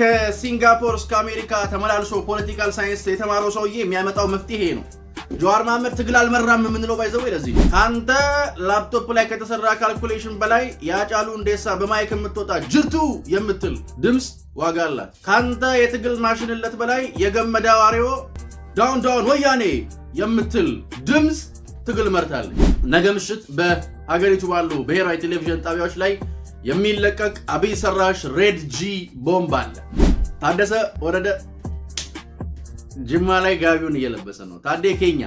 ከሲንጋፖር እስከ አሜሪካ ተመላልሶ ፖለቲካል ሳይንስ የተማረው ሰውዬ የሚያመጣው መፍትሄ ነው። ጀዋር መሐመድ ትግል አልመራም የምንለው ባይዘው ለዚህ አንተ ላፕቶፕ ላይ ከተሰራ ካልኩሌሽን በላይ ያጫሉ እንዴሳ በማይክ የምትወጣ ጅርቱ የምትል ድምፅ ዋጋ አላት። ከአንተ የትግል ማሽንለት በላይ የገመዳ አዋሪዎ ዳውን ዳውን ወያኔ የምትል ድምፅ ትግል መርታለች። ነገ ምሽት በሀገሪቱ ባሉ ብሔራዊ ቴሌቪዥን ጣቢያዎች ላይ የሚለቀቅ አብይ ሰራሽ ሬድ ጂ ቦምብ አለ። ታደሰ ወረደ ጅማ ላይ ጋቢውን እየለበሰ ነው። ታዴ ኬኛ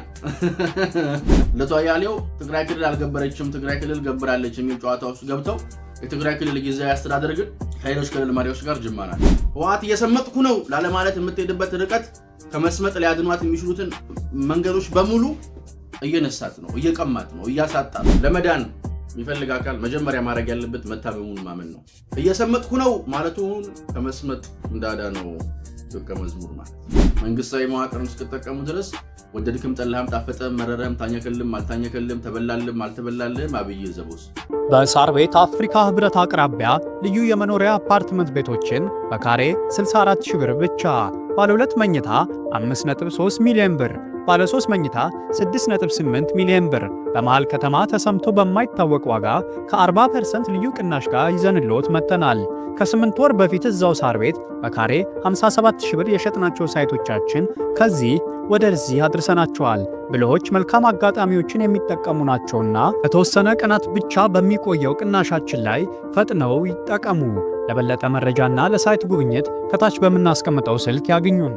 ለቷ ያሌው ትግራይ ክልል አልገበረችም፣ ትግራይ ክልል ገብራለች የሚል ጨዋታ ውስጥ ገብተው የትግራይ ክልል ጊዜያዊ አስተዳደር ግን ከሌሎች ክልል መሪዎች ጋር ጅማ ናት። ህወሓት እየሰመጥኩ ነው ላለማለት የምትሄድበት ርቀት ከመስመጥ ሊያድኗት የሚችሉትን መንገዶች በሙሉ እየነሳት ነው፣ እየቀማት ነው፣ እያሳጣ ነው ለመዳን የሚፈልግ አካል መጀመሪያ ማድረግ ያለበት መታመሙን ማመን ነው። እየሰመጥኩ ነው ማለቱን ከመስመጥ እንዳዳ ነው ደቀ መዝሙር ማለት። መንግስታዊ መዋቅርን እስክጠቀሙ ድረስ ወደድክም ጠላህም፣ ጣፈጠም መረረም፣ ታኘከልም አልታኘከልም፣ ተበላልም አልተበላልም አብይ ዘቦስ በሳር ቤት አፍሪካ ህብረት አቅራቢያ ልዩ የመኖሪያ አፓርትመንት ቤቶችን በካሬ 64 ሺህ ብር ብቻ ባለ ሁለት መኝታ 5.3 ሚሊዮን ብር ባለ 3 መኝታ 6.8 ሚሊዮን ብር በመሃል ከተማ ተሰምቶ በማይታወቅ ዋጋ ከ40% ልዩ ቅናሽ ጋር ይዘንልዎት መጥተናል። ከ8 ወር በፊት እዛው ሳር ቤት በካሬ 57000 ብር የሸጥናቸው ሳይቶቻችን ከዚህ ወደዚህ አድርሰናቸዋል። ብልሆች መልካም አጋጣሚዎችን የሚጠቀሙ ናቸውና በተወሰነ ቀናት ብቻ በሚቆየው ቅናሻችን ላይ ፈጥነው ይጠቀሙ። ለበለጠ መረጃና ለሳይት ጉብኝት ከታች በምናስቀምጠው ስልክ ያግኙን።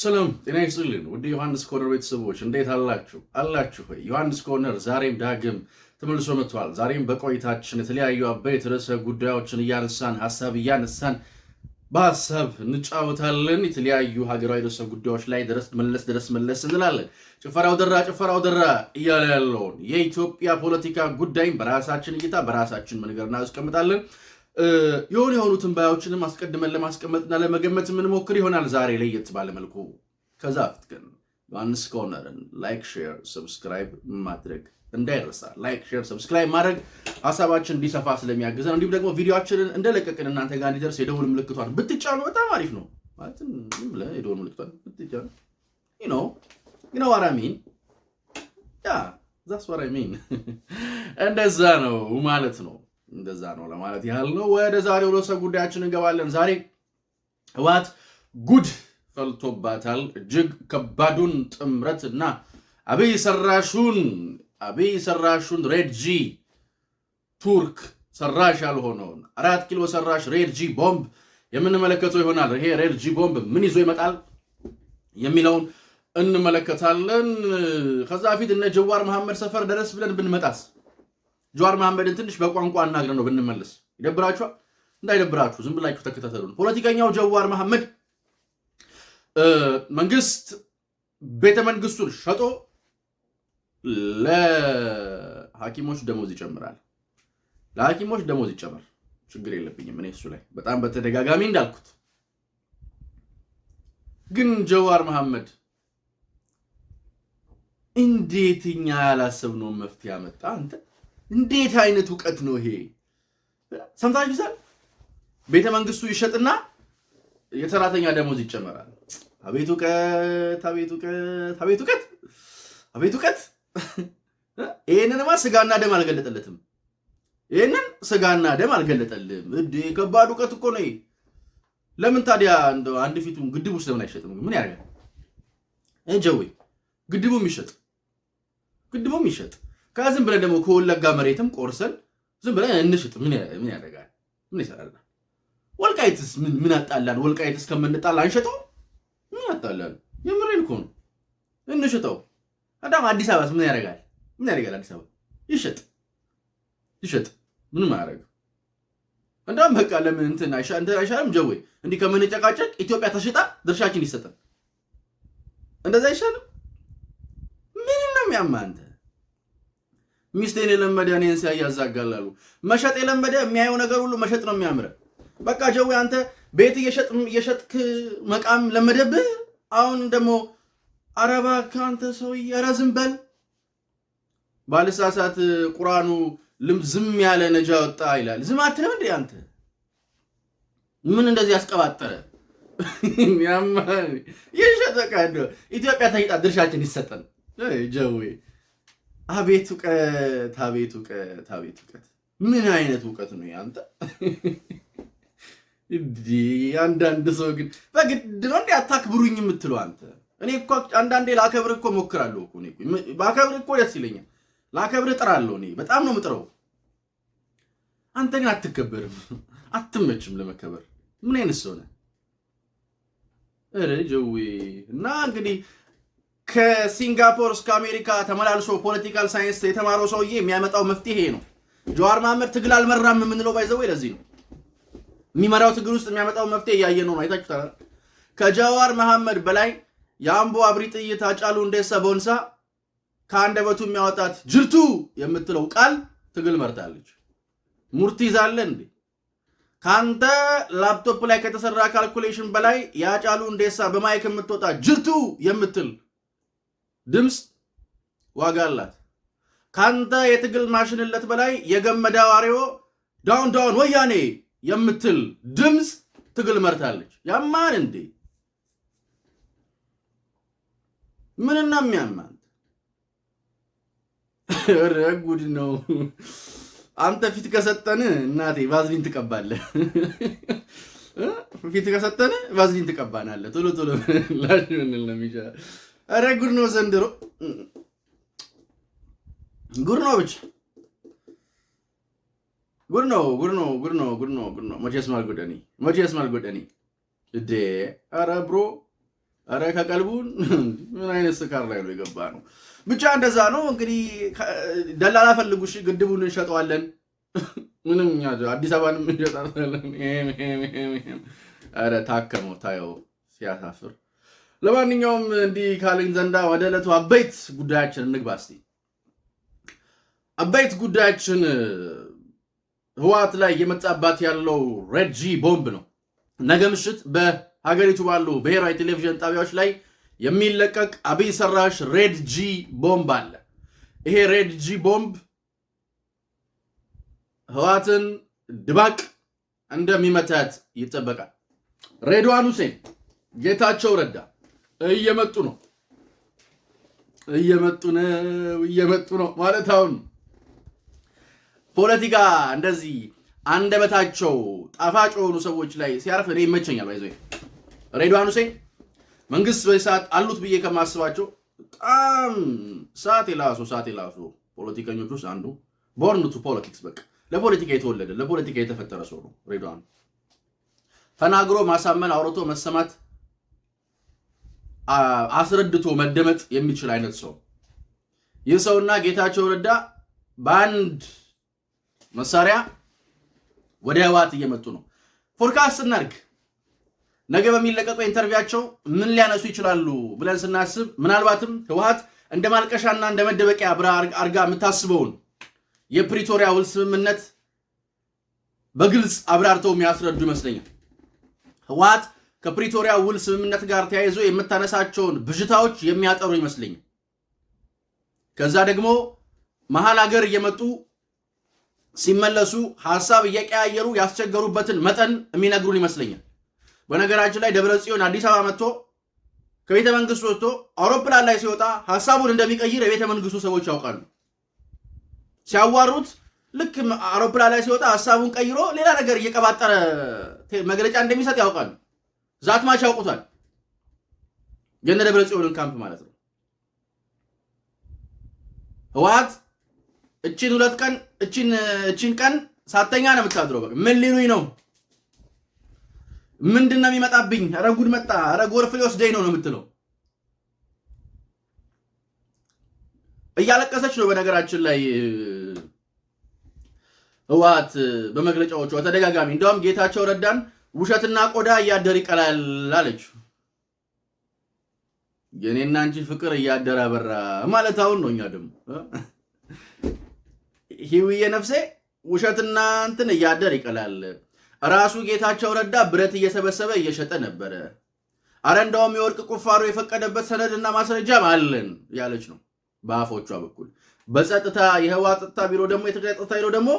ሰላም ጤና ይስጥልን ውድ ዮሐንስ ኮርነር ቤተሰቦች እንዴት አላችሁ አላችሁ ሆይ ዮሐንስ ኮርነር ዛሬም ዳግም ተመልሶ መጥቷል ዛሬም በቆይታችን የተለያዩ አበይት ርዕሰ ጉዳዮችን እያነሳን ሀሳብ እያነሳን በሀሳብ እንጫወታለን የተለያዩ ሀገራዊ ርዕሰ ጉዳዮች ላይ ድረስ መለስ ድረስ መለስ እንላለን ጭፈራው ደራ ጭፈራው ደራ እያለ ያለውን የኢትዮጵያ ፖለቲካ ጉዳይም በራሳችን እይታ በራሳችን መንገድ እናስቀምጣለን የሆኑ የሆኑ ትንባያዎችንም አስቀድመን ለማስቀመጥና ለመገመት የምንሞክር ይሆናል ዛሬ ለየት ባለመልኩ። ከዛ ፊት ግን ዮሐንስ ኮርነርን ላይክ፣ ሼር፣ ሰብስክራይብ ማድረግ እንዳይረሳ። ላይክ፣ ሼር፣ ሰብስክራይብ ማድረግ ሀሳባችን እንዲሰፋ ስለሚያግዘን እንዲሁም ደግሞ ቪዲዮችንን እንደለቀቅን እናንተ ጋር እንዲደርስ የደውል ምልክቷን ብትጫኑ በጣም አሪፍ ነው። ማለት የደውል ምልክቷን ብትጫኑ ነው ነው አራሚን ያ ዛስ እንደዛ ነው ማለት ነው። እንደዛ ነው ለማለት ያህል ነው። ወደ ዛሬው ርዕሰ ጉዳያችን እንገባለን። ዛሬ ህወሓት ጉድ ፈልቶባታል። እጅግ ከባዱን ጥምረት እና አብይ ሰራሹን አብይ ሰራሹን ሬድጂ ቱርክ ሰራሽ ያልሆነውን አራት ኪሎ ሰራሽ ሬድጂ ቦምብ የምንመለከተው ይሆናል። ይሄ ሬድጂ ቦምብ ምን ይዞ ይመጣል የሚለውን እንመለከታለን። ከዛ ፊት እነ ጀዋር መሐመድ ሰፈር ደረስ ብለን ብንመጣስ ጀዋር መሐመድን ትንሽ በቋንቋ አናግረን ነው ብንመለስ ይደብራችኋል? እንዳይደብራችሁ ዝም ብላችሁ ተከታተሉ። ፖለቲከኛው ጀዋር መሐመድ መንግስት ቤተ መንግስቱን ሸጦ ለሐኪሞች ደሞዝ ይጨምራል። ለሐኪሞች ደሞዝ ይጨምር፣ ችግር የለብኝም እኔ እሱ ላይ በጣም በተደጋጋሚ እንዳልኩት። ግን ጀዋር መሐመድ እንዴትኛ ያላሰብነውን መፍትሄ አመጣ አንተ እንዴት አይነት እውቀት ነው ይሄ? ሰምታችሁ ሰምታችሁታል? ቤተ መንግስቱ ይሸጥና የሰራተኛ ደሞዝ ይጨመራል። አቤት እውቀት! አቤት እውቀት! አቤት እውቀት! አቤት እውቀት! ይህንንማ ስጋና ደም አልገለጠለትም። ይህንን ስጋና ደም አልገለጠልም። እድ ከባድ እውቀት እኮ ነው። ለምን ታዲያ እንደ አንድ ፊቱን ግድብ ውስጥ ለምን አይሸጥም? ምን ያደርጋል? ጀዌ ግድቡም ይሸጥ ግድቡም ይሸጥ ከዛ ዝም ብለን ደግሞ ከወለጋ መሬትም ቆርሰን ዝም ብለን እንሽጥ። ምን ያደርጋል? ምን ይሰራል? ወልቃይትስ ምን አጣላን? ወልቃይትስ ከምንጣላ አንሸጠው። ምን አጣላን? የምሬን እኮ ነው። እንሽጠው። አዳም አዲስ አበባስ ምን ያደርጋል? ምን ያደርጋል? አዲስ አበባ ይሸጥ ይሸጥ። ምን ማድረግ እንዳም በቃ ለምን እንትን አይሻ እንትን አይሻልም? ጀዌ እንዲህ ከምንጨቃጨቅ ኢትዮጵያ ተሽጣ ድርሻችን ይሰጠን። እንደዛ አይሻልም? ምን ነው የሚያማ አንተ ሚስቴን የለመደ እኔን ሲያይ ያዛጋላሉ። መሸጥ የለመደ የሚያየው ነገር ሁሉ መሸጥ ነው የሚያምረ። በቃ ጀዌ አንተ ቤት እየሸጥክ መቃም ለመደብህ። አሁን ደግሞ አረባ ከአንተ ሰውዬ ኧረ በል ባልሳሳት ቁርአኑ ዝም ያለ ነጃ ወጣ ይላል። ዝም አትልም እንዴ አንተ? ምን እንደዚህ ያስቀባጠረ የሚያማ ይሸጥ በቃ ኢትዮጵያ ተይጣ ድርሻችን ይሰጠን ጀዌ አቤት እውቀት አቤት እውቀት አቤት እውቀት! ምን አይነት እውቀት ነው ያንተ? እንዲህ አንዳንድ ሰው ግን በግድ ነው እንዴ አታክብሩኝ የምትለው አንተ? እኔ እኮ አንዳንዴ ላከብር እኮ ሞክራለሁ እኮ እኔ ባከብር እኮ ደስ ይለኛል። ላከብር እጥራለሁ እኔ በጣም ነው ምጥረው። አንተ ግን አትከበርም፣ አትመችም ለመከበር። ምን አይነት ሰው ነህ? ኧረ ጆዌ እና እንግዲህ ከሲንጋፖር እስከ አሜሪካ ተመላልሶ ፖለቲካል ሳይንስ የተማረው ሰውዬ የሚያመጣው መፍትሄ ነው። ጀዋር መሐመድ ትግል አልመራም የምንለው ባይዘው ለዚህ ነው። የሚመራው ትግል ውስጥ የሚያመጣው መፍትሄ እያየ ነው። አይታችሁታል። ከጀዋር መሐመድ በላይ የአምቦ አብሪ ጥይት አጫሉ ሁንዴሳ ቦንሳ ከአንደበቱ የሚያወጣት ጅርቱ የምትለው ቃል ትግል መርታለች። ሙርቲ ይዛለ እንዴ ከአንተ ላፕቶፕ ላይ ከተሰራ ካልኩሌሽን በላይ የአጫሉ እንደሳ በማይክ የምትወጣ ጅርቱ የምትል ድምፅ ዋጋ አላት። ካንተ የትግል ማሽንለት በላይ የገመዳ ዋሪዮ ዳውን ዳውን ወያኔ የምትል ድምፅ ትግል መርታለች። ያማን እንዴ ምንና የሚያማን ረጉድ ነው። አንተ ፊት ከሰጠን እናቴ ቫዝሊን ትቀባለ። ፊት ከሰጠን ቫዝሊን ትቀባናለ። ቶሎ ቶሎ ላሽ ምንል ነው የሚሻለው እረ ጉድ ነው ዘንድሮ፣ ጉድ ነው ብቻ ጉድ ነው ጉድ ነው ጉድ ነው ጉድ ነው ጉድ ነው። መቼስ ማልጎደኒ መቼስ ማልጎደኒ እዴ አረ ብሮ አረ ከቀልቡን ምን አይነት ስካር ላይ ነው የገባ ነው። ብቻ እንደዛ ነው እንግዲህ። ደላላ ፈልጉሽ፣ ግድቡን እንሸጠዋለን። ምንም እኛ አዲስ አበባንም እንሸጣለን። አረ ታከመው ታየው ሲያሳፍር ለማንኛውም እንዲህ ካልኝ ዘንዳ ወደ ዕለቱ አበይት ጉዳያችን እንግባ እስቲ። አበይት ጉዳያችን ህወሓት ላይ እየመጣባት ያለው ሬድጂ ቦምብ ነው። ነገ ምሽት በሀገሪቱ ባሉ ብሔራዊ ቴሌቪዥን ጣቢያዎች ላይ የሚለቀቅ አብይ ሰራሽ ሬድጂ ቦምብ አለ። ይሄ ሬድጂ ቦምብ ህወሓትን ድባቅ እንደሚመታት ይጠበቃል። ሬድዋን ሁሴን፣ ጌታቸው ረዳ እየመጡ ነው እየመጡ ነው እየመጡ ነው ማለት አሁን ፖለቲካ እንደዚህ አንደበታቸው ጣፋጭ የሆኑ ሰዎች ላይ ሲያርፍ እኔ ይመቸኛል። ባይዘ ሬድዋን ሁሴን መንግስት በዚህ ሰዓት አሉት ብዬ ከማስባቸው በጣም ሰዓት የላሱ ሰዓት የላሱ ፖለቲከኞች ውስጥ አንዱ ቦርን ቱ ፖለቲክስ በቃ ለፖለቲካ የተወለደ ለፖለቲካ የተፈጠረ ሰው ነው። ሬድዋን ተናግሮ ማሳመን አውርቶ መሰማት አስረድቶ መደመጥ የሚችል አይነት ሰው ይህ ሰውና ጌታቸው ረዳ በአንድ መሳሪያ ወደ ህወሓት እየመጡ ነው። ፎርካስት ስናርግ ነገ በሚለቀቀው ኢንተርቪያቸው ምን ሊያነሱ ይችላሉ ብለን ስናስብ ምናልባትም ህወሓት እንደ ማልቀሻና እንደ መደበቂያ ብራ አርጋ የምታስበውን የፕሪቶሪያ ውል ስምምነት በግልጽ አብራርተው የሚያስረዱ ይመስለኛል ህወሓት ከፕሪቶሪያ ውል ስምምነት ጋር ተያይዞ የምታነሳቸውን ብዥታዎች የሚያጠሩ ይመስለኛል። ከዛ ደግሞ መሀል ሀገር እየመጡ ሲመለሱ ሀሳብ እየቀያየሩ ያስቸገሩበትን መጠን የሚነግሩን ይመስለኛል። በነገራችን ላይ ደብረ ጽዮን አዲስ አበባ መጥቶ ከቤተ መንግስት ወጥቶ አውሮፕላን ላይ ሲወጣ ሀሳቡን እንደሚቀይር የቤተ መንግስቱ ሰዎች ያውቃሉ። ሲያዋሩት ልክ አውሮፕላን ላይ ሲወጣ ሀሳቡን ቀይሮ ሌላ ነገር እየቀባጠረ መግለጫ እንደሚሰጥ ያውቃሉ። ዛት ማሽ ያውቁታል። የነ ደብረ ጽዮንን ካምፕ ማለት ነው። ህወሓት እቺን ሁለት ቀን እቺን እቺን ቀን ሳተኛ ነው የምታድረው። በቃ ምን ሊሉኝ ነው? ምንድን ነው የሚመጣብኝ? ኧረ ጉድ መጣ፣ ኧረ ጎርፍ ሊወስደኝ ነው ነው የምትለው። እያለቀሰች ነው። በነገራችን ላይ ህወሓት በመግለጫዎቿ ተደጋጋሚ እንደውም ጌታቸው ረዳን ውሸትና ቆዳ እያደር ይቀላል አለችው። የኔና አንቺ ፍቅር እያደር አበራ ማለት አሁን ነው። እኛ ደግሞ ሂውዬ ነፍሴ ውሸትና እንትን እያደር ይቀላል። ራሱ ጌታቸው ረዳ ብረት እየሰበሰበ እየሸጠ ነበረ። አረ እንዳውም የወርቅ ቁፋሮ የፈቀደበት ሰነድና ማስረጃ ማስረጃም አለን ያለች ነው በአፎቿ በኩል። በጸጥታ የህዋ ጸጥታ ቢሮ ደግሞ የትግራይ ጸጥታ ቢሮ ደግሞ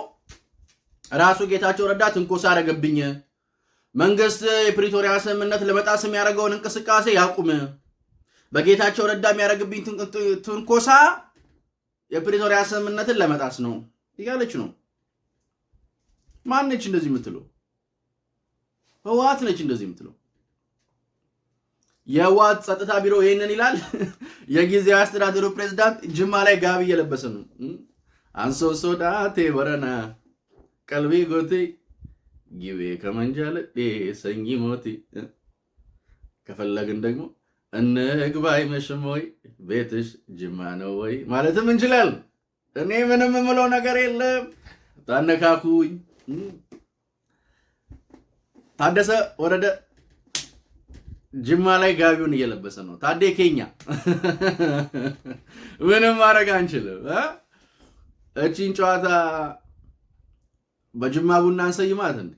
ራሱ ጌታቸው ረዳ ትንኮሳ አረገብኝ መንግስት የፕሪቶሪያ ስምምነት ለመጣስ የሚያደርገውን እንቅስቃሴ ያቁም። በጌታቸው ረዳ የሚያደርግብኝ ትንኮሳ የፕሪቶሪያ ስምምነትን ለመጣስ ነው እያለች ነው። ማነች እንደዚህ የምትለው? ህወሓት ነች እንደዚህ የምትለው። የህወሓት ጸጥታ ቢሮ ይህንን ይላል። የጊዜያዊ አስተዳደሩ ፕሬዚዳንት ጅማ ላይ ጋቢ እየለበሰ ነው። አንሶሶ ዳቴ በረና ቀልቤ ጎቴ ጊቤ መንጃለ ሰኝ ሞቲ ከፈለግን ደግሞ እንግባ አይመሽም ወይ ቤትሽ ጅማ ነው ወይ ማለትም እንችላል። እኔ ምንም የምለው ነገር የለም። ታነካኩኝ። ታደሰ ወረደ ጅማ ላይ ጋቢውን እየለበሰ ነው። ታዴ ኬኛ ምንም ማድረግ አንችልም። እቺን ጨዋታ በጅማ ቡና እንሰይማት እንዴ?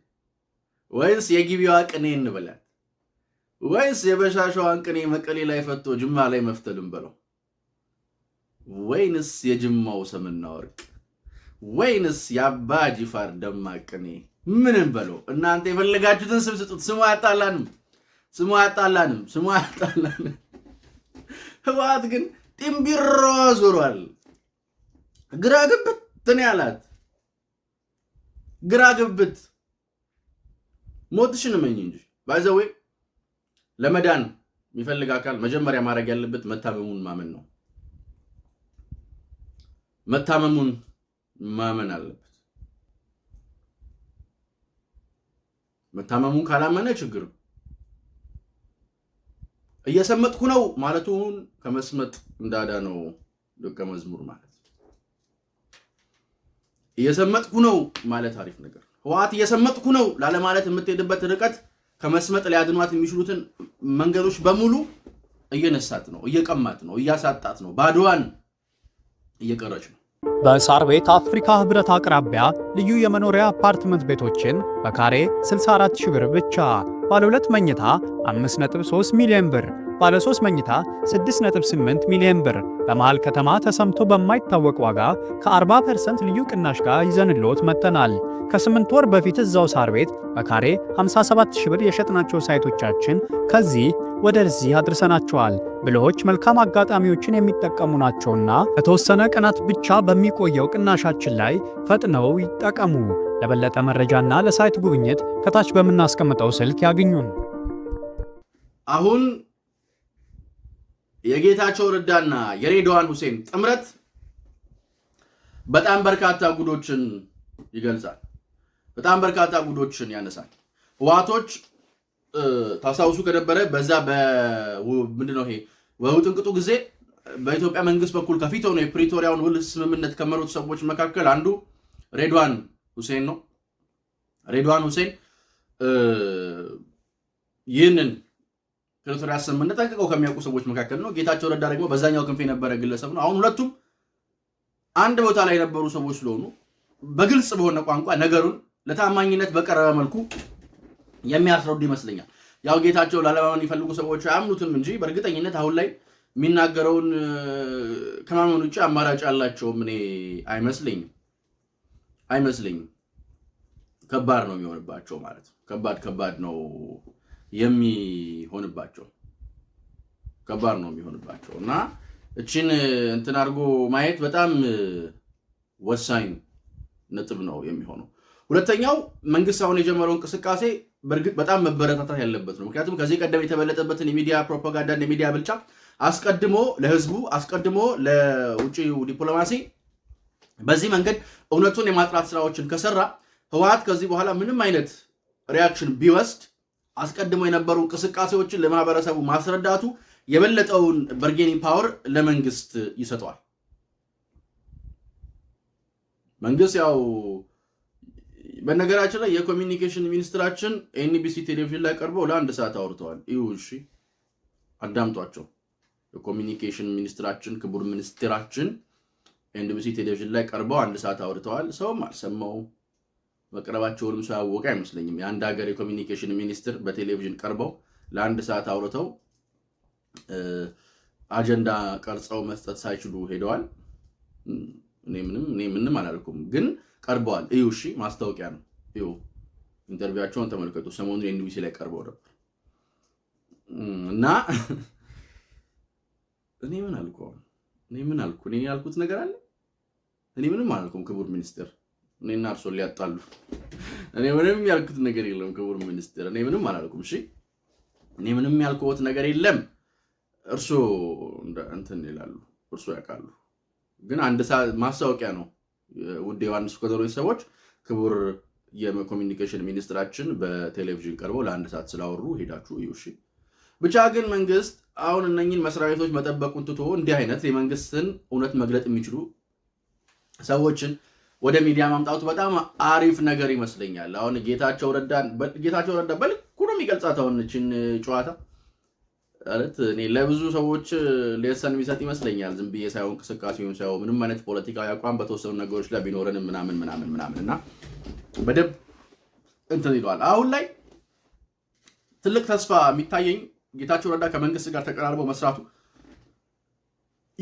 ወይስ የጊቢዋ ቅኔ እንበላት ወይስ የበሻሻዋን ቅኔ መቀሌ ላይ ፈቶ ጅማ ላይ መፍተልን በለው ወይንስ የጅማው ሰምና ወርቅ ወይንስ የአባ ጅፋር ደማቅ ቅኔ ምንም በለው። እናንተ የፈለጋችሁትን ስም ስጡት። ስሙ አያጣላንም፣ ስሙ አያጣላንም፣ ስሙ አያጣላንም። ህወሓት ግን ጢምቢሮ ዞሯል። ግራ ግብት ትን ያላት ግራ ግብት ሞትሽን መኝ እንጂ ባይዘዌ ለመዳን የሚፈልግ አካል መጀመሪያ ማድረግ ያለበት መታመሙን ማመን ነው። መታመሙን ማመን አለበት። መታመሙን ካላመነ ችግር እየሰመጥኩ ነው ማለቱን ከመስመጥ እንዳዳ ነው ደቀ መዝሙር ማለት እየሰመጥኩ ነው ማለት አሪፍ ነገር ህወሓት እየሰመጥኩ ነው ላለማለት የምትሄድበት ርቀት ከመስመጥ ሊያድኗት የሚችሉትን መንገዶች በሙሉ እየነሳት ነው፣ እየቀማት ነው፣ እያሳጣት ነው፣ ባድዋን እየቀረች ነው። በሳር ቤት አፍሪካ ህብረት አቅራቢያ ልዩ የመኖሪያ አፓርትመንት ቤቶችን በካሬ 64 ሺህ ብር ብቻ ባለ ሁለት መኝታ 5.3 ሚሊዮን ብር ባለ 3 መኝታ 6.8 ሚሊዮን ብር በመሃል ከተማ ተሰምቶ በማይታወቅ ዋጋ ከ40% ልዩ ቅናሽ ጋር ይዘንልዎት መጥተናል። ከስምንት ወር በፊት እዛው ሳር ቤት በካሬ 57000 ብር የሸጥናቸው ሳይቶቻችን ከዚህ ወደዚህ አድርሰናቸዋል። ብሎዎች መልካም አጋጣሚዎችን የሚጠቀሙ ናቸውና ከተወሰነ ቀናት ብቻ በሚቆየው ቅናሻችን ላይ ፈጥነው ይጠቀሙ። ለበለጠ መረጃና ለሳይት ጉብኝት ከታች በምናስቀምጠው ስልክ ያግኙን። አሁን የጌታቸው ረዳና የሬድዋን ሁሴን ጥምረት በጣም በርካታ ጉዶችን ይገልጻል። በጣም በርካታ ጉዶችን ያነሳል። ህዋቶች ታስታውሱ ከነበረ በዛ ምንድን ነው ይሄ በውጥንቅጡ ጊዜ በኢትዮጵያ መንግስት በኩል ከፊት ሆኖ የፕሪቶሪያውን ውል ስምምነት ከመሩት ሰዎች መካከል አንዱ ሬድዋን ሁሴን ነው። ሬድዋን ሁሴን ይህንን ዶክተር አሰምነ ጠንቅቀው ከሚያውቁ ሰዎች መካከል ነው። ጌታቸው ረዳ ደግሞ በዛኛው ክንፍ የነበረ ግለሰብ ነው። አሁን ሁለቱም አንድ ቦታ ላይ የነበሩ ሰዎች ስለሆኑ በግልጽ በሆነ ቋንቋ ነገሩን ለታማኝነት በቀረበ መልኩ የሚያስረዱ ይመስለኛል። ያው ጌታቸው ላለማመን የሚፈልጉ ሰዎች አያምኑትም እንጂ በእርግጠኝነት አሁን ላይ የሚናገረውን ከማመን ውጭ አማራጭ ያላቸውም እኔ አይመስለኝም አይመስለኝም። ከባድ ነው የሚሆንባቸው ማለት ከባድ ከባድ ነው። የሚሆንባቸው ከባድ ነው የሚሆንባቸው እና እችን እንትን አድርጎ ማየት በጣም ወሳኝ ነጥብ ነው የሚሆነው። ሁለተኛው መንግስት አሁን የጀመረው እንቅስቃሴ በእርግጥ በጣም መበረታታት ያለበት ነው። ምክንያቱም ከዚህ ቀደም የተበለጠበትን የሚዲያ ፕሮፓጋንዳን የሚዲያ ብልጫ አስቀድሞ ለህዝቡ አስቀድሞ ለውጭ ዲፕሎማሲ በዚህ መንገድ እውነቱን የማጥራት ስራዎችን ከሰራ ህወሓት ከዚህ በኋላ ምንም አይነት ሪያክሽን ቢወስድ አስቀድሞ የነበሩ እንቅስቃሴዎችን ለማህበረሰቡ ማስረዳቱ የበለጠውን በርጌኒ ፓወር ለመንግስት ይሰጠዋል። መንግስት ያው በነገራችን ላይ የኮሚኒኬሽን ሚኒስትራችን ኤንቢሲ ቴሌቪዥን ላይ ቀርበው ለአንድ ሰዓት አውርተዋል። ይሁ እሺ አዳምጧቸው። የኮሚኒኬሽን ሚኒስትራችን ክቡር ሚኒስትራችን ኤንቢሲ ቴሌቪዥን ላይ ቀርበው አንድ ሰዓት አውርተዋል። ሰውም አልሰማው። መቅረባቸውንም ሰው ያወቀ አይመስለኝም። የአንድ ሀገር የኮሚኒኬሽን ሚኒስትር በቴሌቪዥን ቀርበው ለአንድ ሰዓት አውርተው አጀንዳ ቀርጸው መስጠት ሳይችሉ ሄደዋል። እኔ ምንም እኔ ምንም አላልኩም፣ ግን ቀርበዋል። እዩ እሺ፣ ማስታወቂያ ነው። እዩ ኢንተርቪዋቸውን ተመልከቱ። ሰሞኑን ኤንቢሲ ላይ ቀርበው ነበር እና እኔ ምን አልኩ እኔ ምን አልኩ እኔ ያልኩት ነገር አለ። እኔ ምንም አላልኩም ክቡር ሚኒስትር እኔና እርሶ ሊያጣሉ። እኔ ምንም ያልኩት ነገር የለም ክቡር ሚኒስትር፣ እኔ ምንም አላልኩም። እሺ፣ እኔ ምንም ያልኩት ነገር የለም። እርሶ እንትን ይላሉ፣ እርሶ ያውቃሉ። ግን አንድ ማስታወቂያ ነው። ውድ ዮሐንስ ኮተሮች ሰዎች፣ ክቡር የኮሚኒኬሽን ሚኒስትራችን በቴሌቪዥን ቀርበው ለአንድ ሰዓት ስላወሩ ሄዳችሁ እዩ። እሺ። ብቻ ግን መንግስት አሁን እነኝን መስሪያ ቤቶች መጠበቁን ትቶ እንዲህ አይነት የመንግስትን እውነት መግለጥ የሚችሉ ሰዎችን ወደ ሚዲያ ማምጣቱ በጣም አሪፍ ነገር ይመስለኛል። አሁን ጌታቸው ረዳን ጌታቸው ረዳ በልኩ ነው የሚገልጻት አሁን ጨዋታ ማለት እኔ ለብዙ ሰዎች ሌሰን የሚሰጥ ይመስለኛል። ዝም ብዬ ሳይሆን እንቅስቃሴውን ሳይሆን ምንም አይነት ፖለቲካዊ አቋም በተወሰኑ ነገሮች ላይ ቢኖረን ምናምን ምናምን ምናምን እና በደንብ እንትን ይለዋል። አሁን ላይ ትልቅ ተስፋ የሚታየኝ ጌታቸው ረዳ ከመንግስት ጋር ተቀራርበው መስራቱ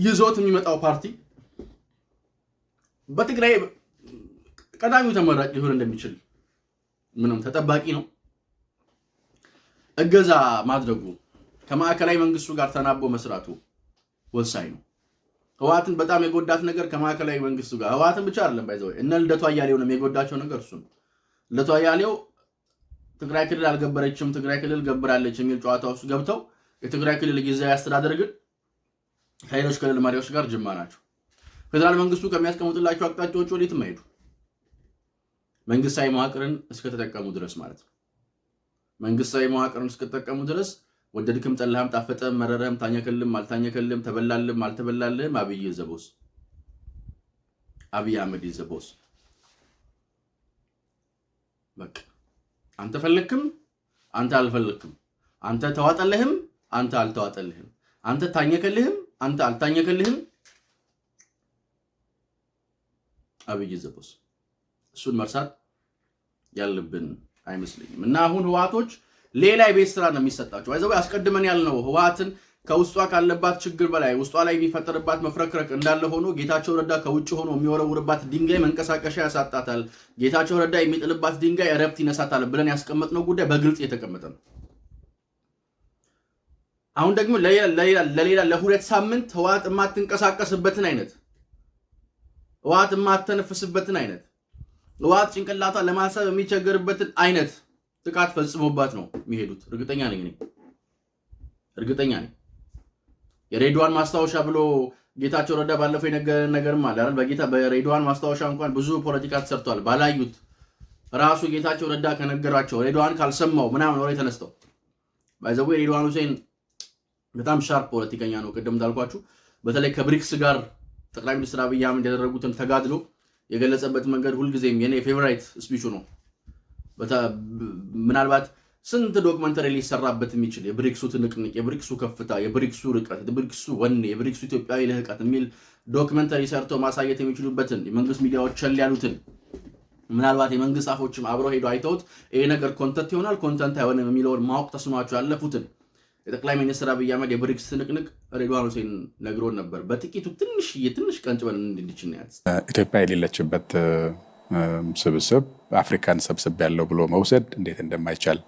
ይዞት የሚመጣው ፓርቲ በትግራይ ቀዳሚው ተመራጭ ሊሆን እንደሚችል ምንም ተጠባቂ ነው። እገዛ ማድረጉ ከማዕከላዊ መንግስቱ ጋር ተናቦ መስራቱ ወሳኝ ነው። ህወሓትን በጣም የጎዳት ነገር ከማዕከላዊ መንግስቱ ጋር ህወሓትን ብቻ አይደለም ባይዘው እነ ልደቱ ነው የጎዳቸው ነገር እሱ ነው። ልደቱ አያሌው ትግራይ ክልል አልገበረችም፣ ትግራይ ክልል ገብራለች የሚል ጨዋታ ውስጥ ገብተው የትግራይ ክልል ጊዜያዊ አስተዳደር ግን ከሌሎች ክልል መሪዎች ጋር ጅማ ናቸው። ፌዴራል መንግስቱ ከሚያስቀምጥላቸው አቅጣጫዎች ወዴት አይሄዱ መንግስታዊ መዋቅርን እስከተጠቀሙ ድረስ ማለት ነው። መንግስታዊ መዋቅርን እስከተጠቀሙ ድረስ ወደድክም ጠላህም ጣፈጠም መረረም ታኘከልም አልታኘከልም ተበላልም አልተበላልም አብይ ዘቦስ አብይ አህመድ ዘቦስ በቃ አንተ ፈለክም አንተ አልፈለክም አንተ ተዋጠልህም አንተ አልተዋጠልህም አንተ ታኘከልህም አንተ አልታኘከልህም አብይ ዘቦስ እሱን መርሳት ያለብን አይመስለኝም። እና አሁን ህወሓቶች ሌላ የቤት ስራ ነው የሚሰጣቸው። ይዘ አስቀድመን ያልነው ህወሓትን ከውስጧ ካለባት ችግር በላይ ውስጧ ላይ የሚፈጠርባት መፍረክረክ እንዳለ ሆኖ ጌታቸው ረዳ ከውጭ ሆኖ የሚወረውርባት ድንጋይ መንቀሳቀሻ ያሳጣታል፣ ጌታቸው ረዳ የሚጥልባት ድንጋይ እረፍት ይነሳታል ብለን ያስቀመጥነው ጉዳይ በግልጽ የተቀመጠ ነው። አሁን ደግሞ ለሌላ ለሁለት ሳምንት ህወሓት የማትንቀሳቀስበትን አይነት ህወሓት የማተነፍስበትን አይነት ህወሓት ጭንቅላታ ለማሰብ የሚቸገርበትን አይነት ጥቃት ፈጽሞባት ነው የሚሄዱት። እርግጠኛ ነኝ እኔ እርግጠኛ ነኝ። የሬድዋን ማስታወሻ ብሎ ጌታቸው ረዳ ባለፈው የነገረን ነገርም አለ አይደል? በጌታ በሬድዋን ማስታወሻ እንኳን ብዙ ፖለቲካ ተሰርቷል። ባላዩት ራሱ ጌታቸው ረዳ ከነገራቸው ሬድዋን ካልሰማው ምናምን ወሬ ተነስተው ባይዘዌ ሬድዋን ሁሴን በጣም ሻርፕ ፖለቲከኛ ነው። ቅድም እንዳልኳችሁ በተለይ ከብሪክስ ጋር ጠቅላይ ሚኒስትር አብይ አህመድ ያደረጉትን ተጋድሎ የገለጸበት መንገድ ሁልጊዜም የኔ ፌቨራይት ስፒቹ ነው። ምናልባት ስንት ዶክመንተሪ ሊሰራበት የሚችል የብሪክሱ ትንቅንቅ፣ የብሪክሱ ከፍታ፣ የብሪክሱ ርቀት፣ የብሪክሱ ወኔ፣ የብሪክሱ ኢትዮጵያዊ ልህቀት የሚል ዶክመንተሪ ሰርተው ማሳየት የሚችሉበትን የመንግስት ሚዲያዎች ቸል ያሉትን ምናልባት የመንግስት አፎችም አብረው ሄዶ አይተውት ይሄ ነገር ኮንተንት ይሆናል ኮንተንት አይሆንም የሚለውን ማወቅ ተስኗቸው ያለፉትን የጠቅላይ ሚኒስትር አብይ አህመድ የብሪክስ ትንቅንቅ ሬድዋን ሁሴን ነግሮን ነበር። በጥቂቱ ትንሽ ትንሽ ቀንጭበን እንድንች ያዝ ኢትዮጵያ የሌለችበት ስብስብ አፍሪካን ሰብስብ ያለው ብሎ መውሰድ እንዴት እንደማይቻል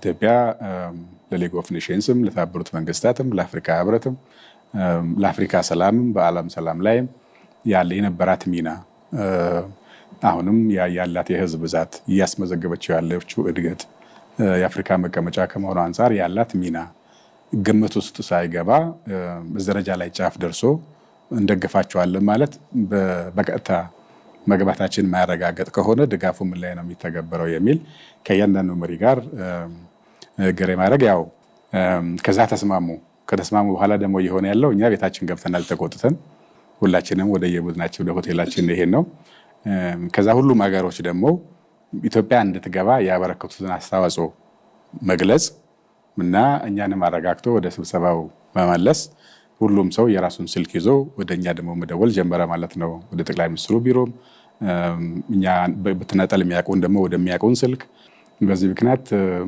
ኢትዮጵያ ለሊግ ኦፍ ኔሽንስም ለተባበሩት መንግስታትም ለአፍሪካ ህብረትም ለአፍሪካ ሰላምም በዓለም ሰላም ላይም ያለ የነበራት ሚና አሁንም ያላት የህዝብ ብዛት እያስመዘገበችው ያለችው እድገት የአፍሪካ መቀመጫ ከመሆኑ አንጻር ያላት ሚና ግምት ውስጥ ሳይገባ በዚህ ደረጃ ላይ ጫፍ ደርሶ እንደግፋቸዋለን ማለት በቀጥታ መግባታችን ማያረጋገጥ ከሆነ ድጋፉ ምን ላይ ነው የሚተገበረው የሚል ከእያንዳንዱ መሪ ጋር ግሬ ማድረግ ያው ከዛ ተስማሙ። ከተስማሙ በኋላ ደግሞ እየሆነ ያለው እኛ ቤታችን ገብተናል ተቆጥተን፣ ሁላችንም ወደ የቡድናችን ወደ ሆቴላችን ይሄን ነው። ከዛ ሁሉም ሀገሮች ደግሞ ኢትዮጵያ እንድትገባ ያበረከቱትን አስተዋጽኦ መግለጽ እና እኛንም አረጋግቶ ወደ ስብሰባው መመለስ ሁሉም ሰው የራሱን ስልክ ይዞ ወደ እኛ ደግሞ መደወል ጀመረ ማለት ነው። ወደ ጠቅላይ ሚኒስትሩ ቢሮም እኛ በተናጠል የሚያውቁን ደግሞ ወደሚያውቁን ስልክ። በዚህ ምክንያት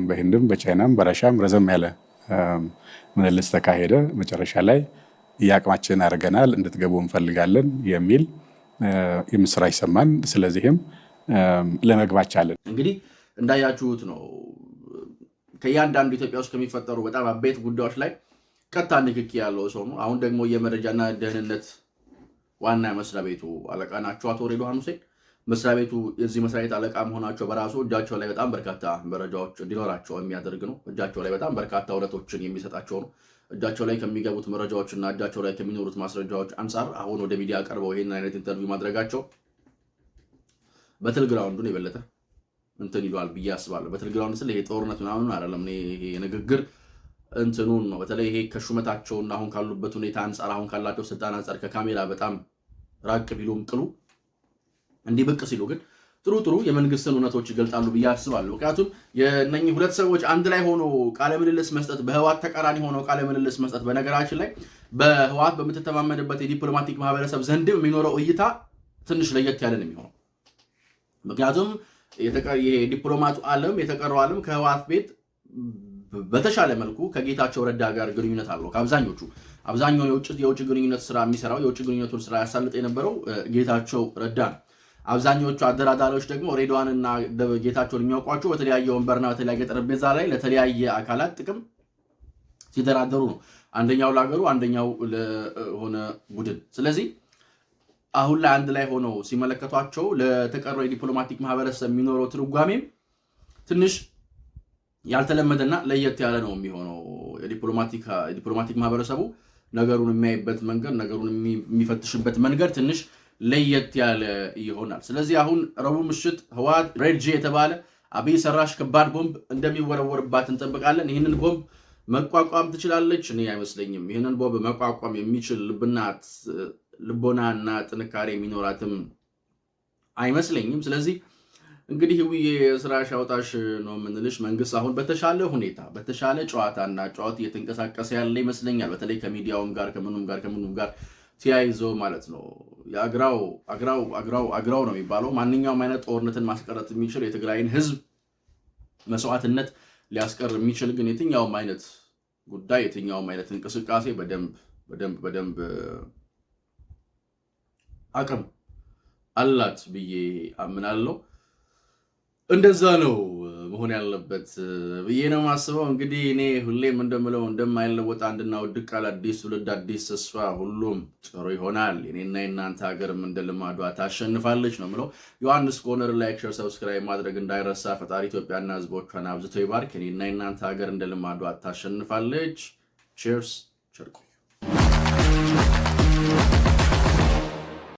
በህንድም በቻይናም በረሻም ረዘም ያለ ምልልስ ተካሄደ። መጨረሻ ላይ የአቅማችን አድርገናል እንድትገቡ እንፈልጋለን የሚል የምስራች ሰማን። ስለዚህም ለመግባቻለን እንግዲህ እንዳያችሁት ነው ከእያንዳንዱ ኢትዮጵያ ውስጥ ከሚፈጠሩ በጣም አበይት ጉዳዮች ላይ ቀጥታ ንክኪ ያለው ሰው ነው። አሁን ደግሞ የመረጃና ደህንነት ዋና መስሪያ ቤቱ አለቃ ናቸው አቶ ሬድዋን ሁሴን። መስሪያ ቤቱ የዚህ መስሪያ ቤት አለቃ መሆናቸው በራሱ እጃቸው ላይ በጣም በርካታ መረጃዎች እንዲኖራቸው የሚያደርግ ነው። እጃቸው ላይ በጣም በርካታ እውነቶችን የሚሰጣቸው ነው። እጃቸው ላይ ከሚገቡት መረጃዎች እና እጃቸው ላይ ከሚኖሩት ማስረጃዎች አንጻር አሁን ወደ ሚዲያ ቀርበው ይህን አይነት ኢንተርቪው ማድረጋቸው በትል ግራውንዱን የበለጠ እንትን ይሏል ብዬ አስባለሁ። በትልግራውን ስል ይሄ ጦርነት ምናምን አይደለም። ይሄ ንግግር እንትኑን ነው። በተለይ ይሄ ከሹመታቸውና አሁን ካሉበት ሁኔታ አንጻር፣ አሁን ካላቸው ስልጣን አንጻር ከካሜራ በጣም ራቅ ቢሉም ቅሉ እንዲህ ብቅ ሲሉ ግን ጥሩ ጥሩ የመንግስትን እውነቶች ይገልጣሉ ብዬ አስባለሁ። ምክንያቱም የእነኚህ ሁለት ሰዎች አንድ ላይ ሆኖ ቃለ ምልልስ መስጠት፣ በህዋት ተቃራኒ ሆነው ቃለ ምልልስ መስጠት፣ በነገራችን ላይ በህዋት በምትተማመንበት የዲፕሎማቲክ ማህበረሰብ ዘንድም የሚኖረው እይታ ትንሽ ለየት ያለን የሚሆነው ምክንያቱም የዲፕሎማቱ ዓለም የተቀረው ዓለም ከህወሓት ቤት በተሻለ መልኩ ከጌታቸው ረዳ ጋር ግንኙነት አለው። ከአብዛኞቹ አብዛኛው የውጭ ግንኙነት ስራ የሚሰራው የውጭ ግንኙነቱን ስራ ያሳልጥ የነበረው ጌታቸው ረዳ ነው። አብዛኛዎቹ አደራዳሪዎች ደግሞ ሬድዋንና ጌታቸውን የሚያውቋቸው በተለያየ ወንበርና በተለያየ ጠረጴዛ ላይ ለተለያየ አካላት ጥቅም ሲደራደሩ ነው። አንደኛው ለሀገሩ፣ አንደኛው ለሆነ ቡድን ስለዚህ አሁን ላይ አንድ ላይ ሆነው ሲመለከቷቸው ለተቀረው የዲፕሎማቲክ ማህበረሰብ የሚኖረው ትርጓሜም ትንሽ ያልተለመደና ለየት ያለ ነው የሚሆነው። የዲፕሎማቲክ ማህበረሰቡ ነገሩን የሚያይበት መንገድ፣ ነገሩን የሚፈትሽበት መንገድ ትንሽ ለየት ያለ ይሆናል። ስለዚህ አሁን ረቡዕ ምሽት ህወሓት ሬድጄ የተባለ አብይ ሰራሽ ከባድ ቦምብ እንደሚወረወርባት እንጠብቃለን። ይህንን ቦምብ መቋቋም ትችላለች? እኔ አይመስለኝም። ይህንን ቦምብ መቋቋም የሚችል ልብናት። ልቦና እና ጥንካሬ የሚኖራትም አይመስለኝም። ስለዚህ እንግዲህ ውዬ ስራሽ አውጣሽ ነው የምንልሽ። መንግስት አሁን በተሻለ ሁኔታ በተሻለ ጨዋታና ጨዋት እየተንቀሳቀሰ ያለ ይመስለኛል። በተለይ ከሚዲያውም ጋር ከምኑም ጋር ከምኑም ጋር ተያይዞ ማለት ነው። አግራው አግራው አግራው አግራው ነው የሚባለው ማንኛውም አይነት ጦርነትን ማስቀረት የሚችል የትግራይን ህዝብ መስዋዕትነት ሊያስቀር የሚችል ግን የትኛውም አይነት ጉዳይ የትኛውም አይነት እንቅስቃሴ በደንብ በደንብ በደንብ አቅም አላት ብዬ አምናለሁ። እንደዛ ነው መሆን ያለበት ብዬ ነው ማስበው። እንግዲህ እኔ ሁሌም እንደምለው እንደማይለወጥ አንድና ውድ ቃል አዲስ ትውልድ አዲስ ተስፋ፣ ሁሉም ጥሩ ይሆናል። እኔና የእናንተ ሀገርም እንደ ልማዷ ታሸንፋለች ነው ምለው። ዮሐንስ ኮርነር ላይክ፣ ሸር፣ ሰብስክራይብ ማድረግ እንዳይረሳ። ፈጣሪ ኢትዮጵያና ህዝቦቿን አብዝቶ ይባርክ። እኔና የእናንተ ሀገር እንደ ልማዷ ታሸንፋለች። ቼርስ ቸርቆ